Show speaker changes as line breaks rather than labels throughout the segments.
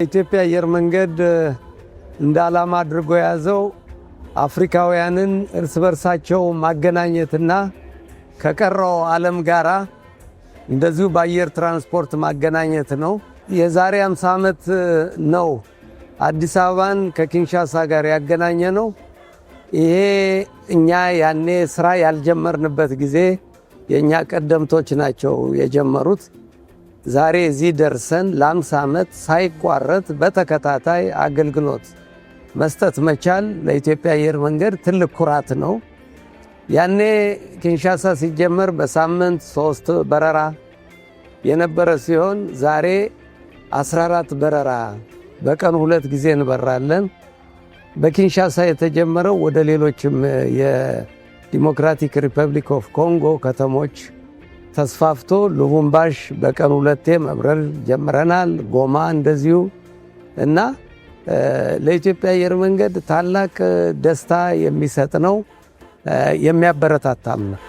የኢትዮጵያ አየር መንገድ እንደ ዓላማ አድርጎ የያዘው አፍሪካውያንን እርስ በርሳቸው ማገናኘትና ከቀረው ዓለም ጋራ እንደዚሁ በአየር ትራንስፖርት ማገናኘት ነው። የዛሬ 50 ዓመት ነው አዲስ አበባን ከኪንሻሳ ጋር ያገናኘ ነው። ይሄ እኛ ያኔ ስራ ያልጀመርንበት ጊዜ የእኛ ቀደምቶች ናቸው የጀመሩት። ዛሬ እዚህ ደርሰን ለአምሳ ዓመት ሳይቋረጥ በተከታታይ አገልግሎት መስጠት መቻል ለኢትዮጵያ አየር መንገድ ትልቅ ኩራት ነው። ያኔ ኪንሻሳ ሲጀመር በሳምንት ሶስት በረራ የነበረ ሲሆን ዛሬ 14 በረራ በቀን ሁለት ጊዜ እንበራለን። በኪንሻሳ የተጀመረው ወደ ሌሎችም የዲሞክራቲክ ሪፐብሊክ ኦፍ ኮንጎ ከተሞች ተስፋፍቶ ሉቡምባሽ በቀን ሁለቴ መብረር ጀምረናል። ጎማ እንደዚሁ እና ለኢትዮጵያ አየር መንገድ ታላቅ ደስታ የሚሰጥ ነው፣ የሚያበረታታም ነው።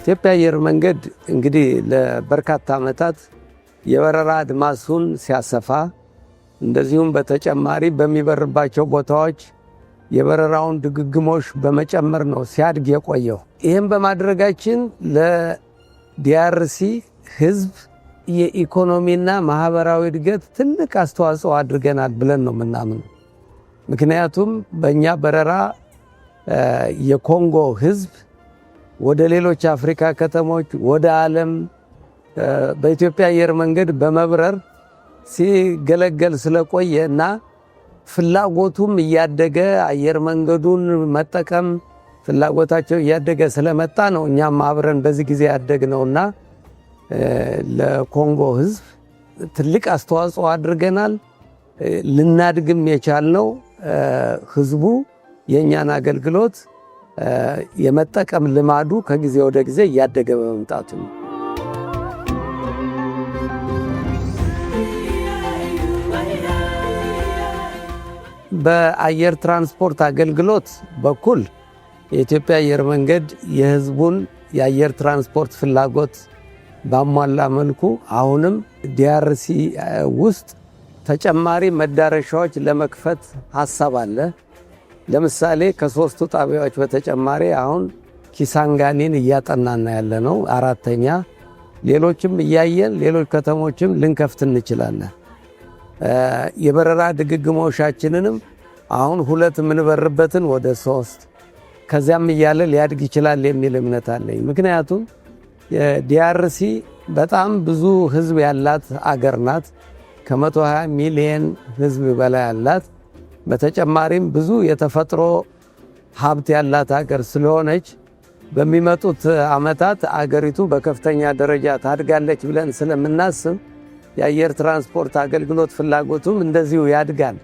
ኢትዮጵያ አየር መንገድ እንግዲህ ለበርካታ ዓመታት የበረራ አድማሱን ሲያሰፋ እንደዚሁም በተጨማሪ በሚበርባቸው ቦታዎች የበረራውን ድግግሞሽ በመጨመር ነው ሲያድግ የቆየው። ይህም በማድረጋችን ለዲያርሲ ህዝብ የኢኮኖሚና ማህበራዊ እድገት ትልቅ አስተዋጽኦ አድርገናል ብለን ነው ምናምን። ምክንያቱም በእኛ በረራ የኮንጎ ህዝብ ወደ ሌሎች አፍሪካ ከተሞች፣ ወደ ዓለም በኢትዮጵያ አየር መንገድ በመብረር ሲገለገል ስለቆየ እና ፍላጎቱም እያደገ አየር መንገዱን መጠቀም ፍላጎታቸው እያደገ ስለመጣ ነው። እኛም አብረን በዚህ ጊዜ ያደግ ነውና ለኮንጎ ሕዝብ ትልቅ አስተዋጽኦ አድርገናል። ልናድግም የቻልነው ሕዝቡ የእኛን አገልግሎት የመጠቀም ልማዱ ከጊዜ ወደ ጊዜ እያደገ በመምጣቱ ነው። በአየር ትራንስፖርት አገልግሎት በኩል የኢትዮጵያ አየር መንገድ የህዝቡን የአየር ትራንስፖርት ፍላጎት ባሟላ መልኩ አሁንም ዲያርሲ ውስጥ ተጨማሪ መዳረሻዎች ለመክፈት ሀሳብ አለ። ለምሳሌ ከሶስቱ ጣቢያዎች በተጨማሪ አሁን ኪሳንጋኒን እያጠናና ያለ ነው አራተኛ። ሌሎችም እያየን ሌሎች ከተሞችም ልንከፍት እንችላለን። የበረራ ድግግሞሻችንንም አሁን ሁለት የምንበርበትን ወደ ሶስት ከዚያም እያለ ሊያድግ ይችላል የሚል እምነት አለኝ። ምክንያቱም ዲያርሲ በጣም ብዙ ህዝብ ያላት አገር ናት። ከ120 ሚሊየን ህዝብ በላይ አላት። በተጨማሪም ብዙ የተፈጥሮ ሀብት ያላት አገር ስለሆነች በሚመጡት ዓመታት አገሪቱ በከፍተኛ ደረጃ ታድጋለች ብለን ስለምናስብ የአየር ትራንስፖርት አገልግሎት ፍላጎቱም እንደዚሁ ያድጋል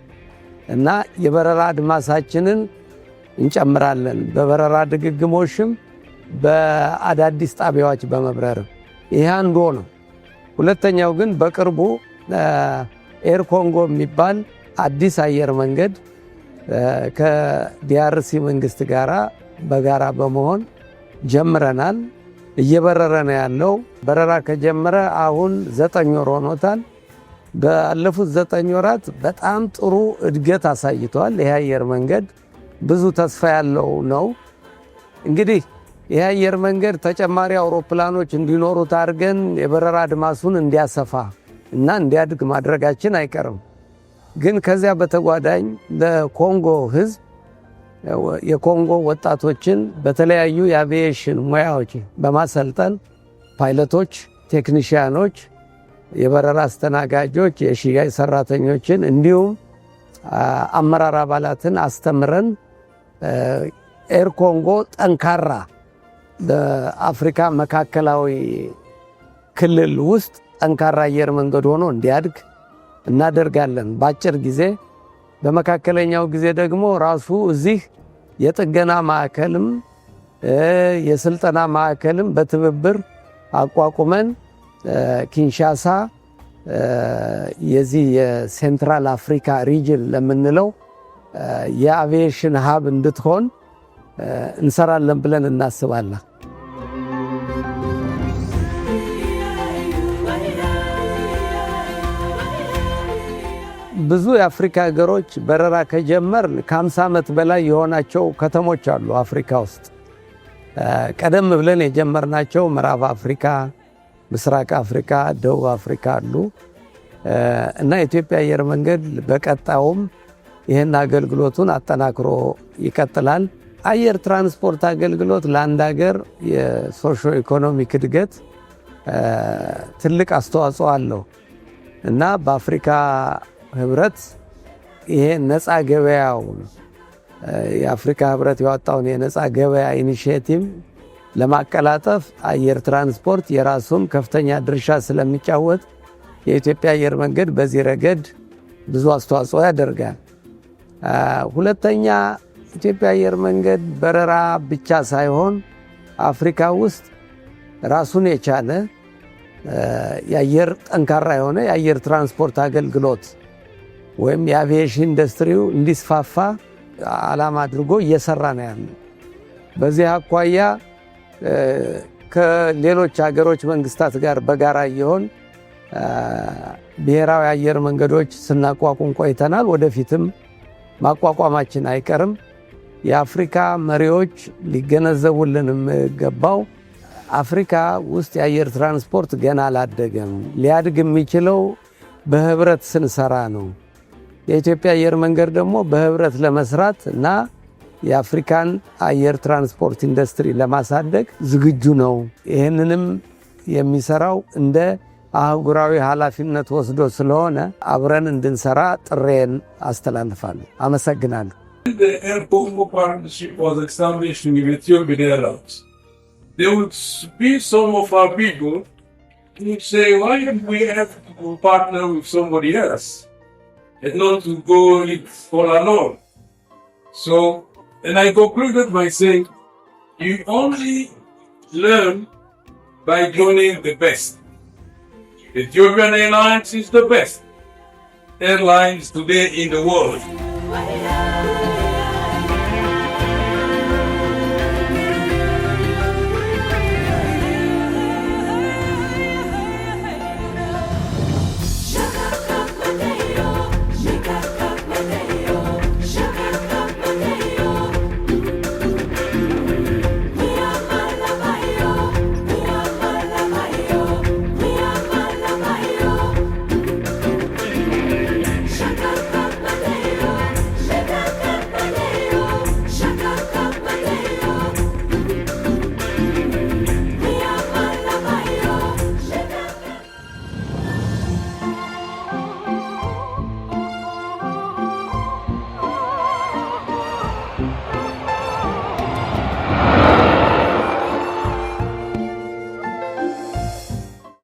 እና የበረራ አድማሳችንን እንጨምራለን። በበረራ ድግግሞሽም በአዳዲስ ጣቢያዎች በመብረርም ይህ አንዱ ነው። ሁለተኛው ግን በቅርቡ ኤር ኮንጎ የሚባል አዲስ አየር መንገድ ከዲአርሲ መንግስት ጋራ በጋራ በመሆን ጀምረናል። እየበረረ ነው ያለው። በረራ ከጀመረ አሁን ዘጠኝ ወር ሆኖታል። ባለፉት ዘጠኝ ወራት በጣም ጥሩ እድገት አሳይቷል። ይህ አየር መንገድ ብዙ ተስፋ ያለው ነው። እንግዲህ ይህ አየር መንገድ ተጨማሪ አውሮፕላኖች እንዲኖሩት አድርገን የበረራ አድማሱን እንዲያሰፋ እና እንዲያድግ ማድረጋችን አይቀርም። ግን ከዚያ በተጓዳኝ ለኮንጎ ሕዝብ የኮንጎ ወጣቶችን በተለያዩ የአቪዬሽን ሙያዎች በማሰልጠን ፓይለቶች፣ ቴክኒሽያኖች፣ የበረራ አስተናጋጆች፣ የሽያጭ ሰራተኞችን እንዲሁም አመራር አባላትን አስተምረን ኤር ኮንጎ ጠንካራ በአፍሪካ መካከላዊ ክልል ውስጥ ጠንካራ አየር መንገድ ሆኖ እንዲያድግ እናደርጋለን በአጭር ጊዜ በመካከለኛው ጊዜ ደግሞ ራሱ እዚህ የጥገና ማዕከልም የስልጠና ማዕከልም በትብብር አቋቁመን ኪንሻሳ የዚህ የሴንትራል አፍሪካ ሪጅን ለምንለው የአቪዬሽን ሀብ እንድትሆን እንሰራለን ብለን እናስባለን። ብዙ የአፍሪካ ሀገሮች በረራ ከጀመር ከ50 ዓመት በላይ የሆናቸው ከተሞች አሉ አፍሪካ ውስጥ። ቀደም ብለን የጀመርናቸው ምዕራብ አፍሪካ፣ ምስራቅ አፍሪካ፣ ደቡብ አፍሪካ አሉ እና የኢትዮጵያ አየር መንገድ በቀጣውም ይህን አገልግሎቱን አጠናክሮ ይቀጥላል። አየር ትራንስፖርት አገልግሎት ለአንድ ሀገር የሶሾ ኢኮኖሚክ እድገት ትልቅ አስተዋጽኦ አለው እና በአፍሪካ ህብረት ይሄ ነፃ ገበያው የአፍሪካ ህብረት ያወጣውን የነፃ ገበያ ኢኒሽቲቭ ለማቀላጠፍ አየር ትራንስፖርት የራሱን ከፍተኛ ድርሻ ስለሚጫወት የኢትዮጵያ አየር መንገድ በዚህ ረገድ ብዙ አስተዋጽኦ ያደርጋል። ሁለተኛ ኢትዮጵያ አየር መንገድ በረራ ብቻ ሳይሆን አፍሪካ ውስጥ ራሱን የቻለ የአየር ጠንካራ የሆነ የአየር ትራንስፖርት አገልግሎት ወይም የአቪዬሽን ኢንዱስትሪው እንዲስፋፋ ዓላማ አድርጎ እየሰራ ነው ያለው። በዚህ አኳያ ከሌሎች ሀገሮች መንግስታት ጋር በጋራ እየሆን ብሔራዊ አየር መንገዶች ስናቋቁም ቆይተናል። ወደፊትም ማቋቋማችን አይቀርም። የአፍሪካ መሪዎች ሊገነዘቡልን የሚገባው አፍሪካ ውስጥ የአየር ትራንስፖርት ገና አላደገም። ሊያድግ የሚችለው በህብረት ስንሰራ ነው። የኢትዮጵያ አየር መንገድ ደግሞ በህብረት ለመስራት እና የአፍሪካን አየር ትራንስፖርት ኢንዱስትሪ ለማሳደግ ዝግጁ ነው። ይህንንም የሚሰራው እንደ አህጉራዊ ኃላፊነት ወስዶ ስለሆነ አብረን እንድንሰራ ጥሬን አስተላልፋለሁ። አመሰግናለሁ። and not to go it all alone. So, and I concluded by saying, you only learn by joining the best. Ethiopian Airlines is the best airlines today in the world.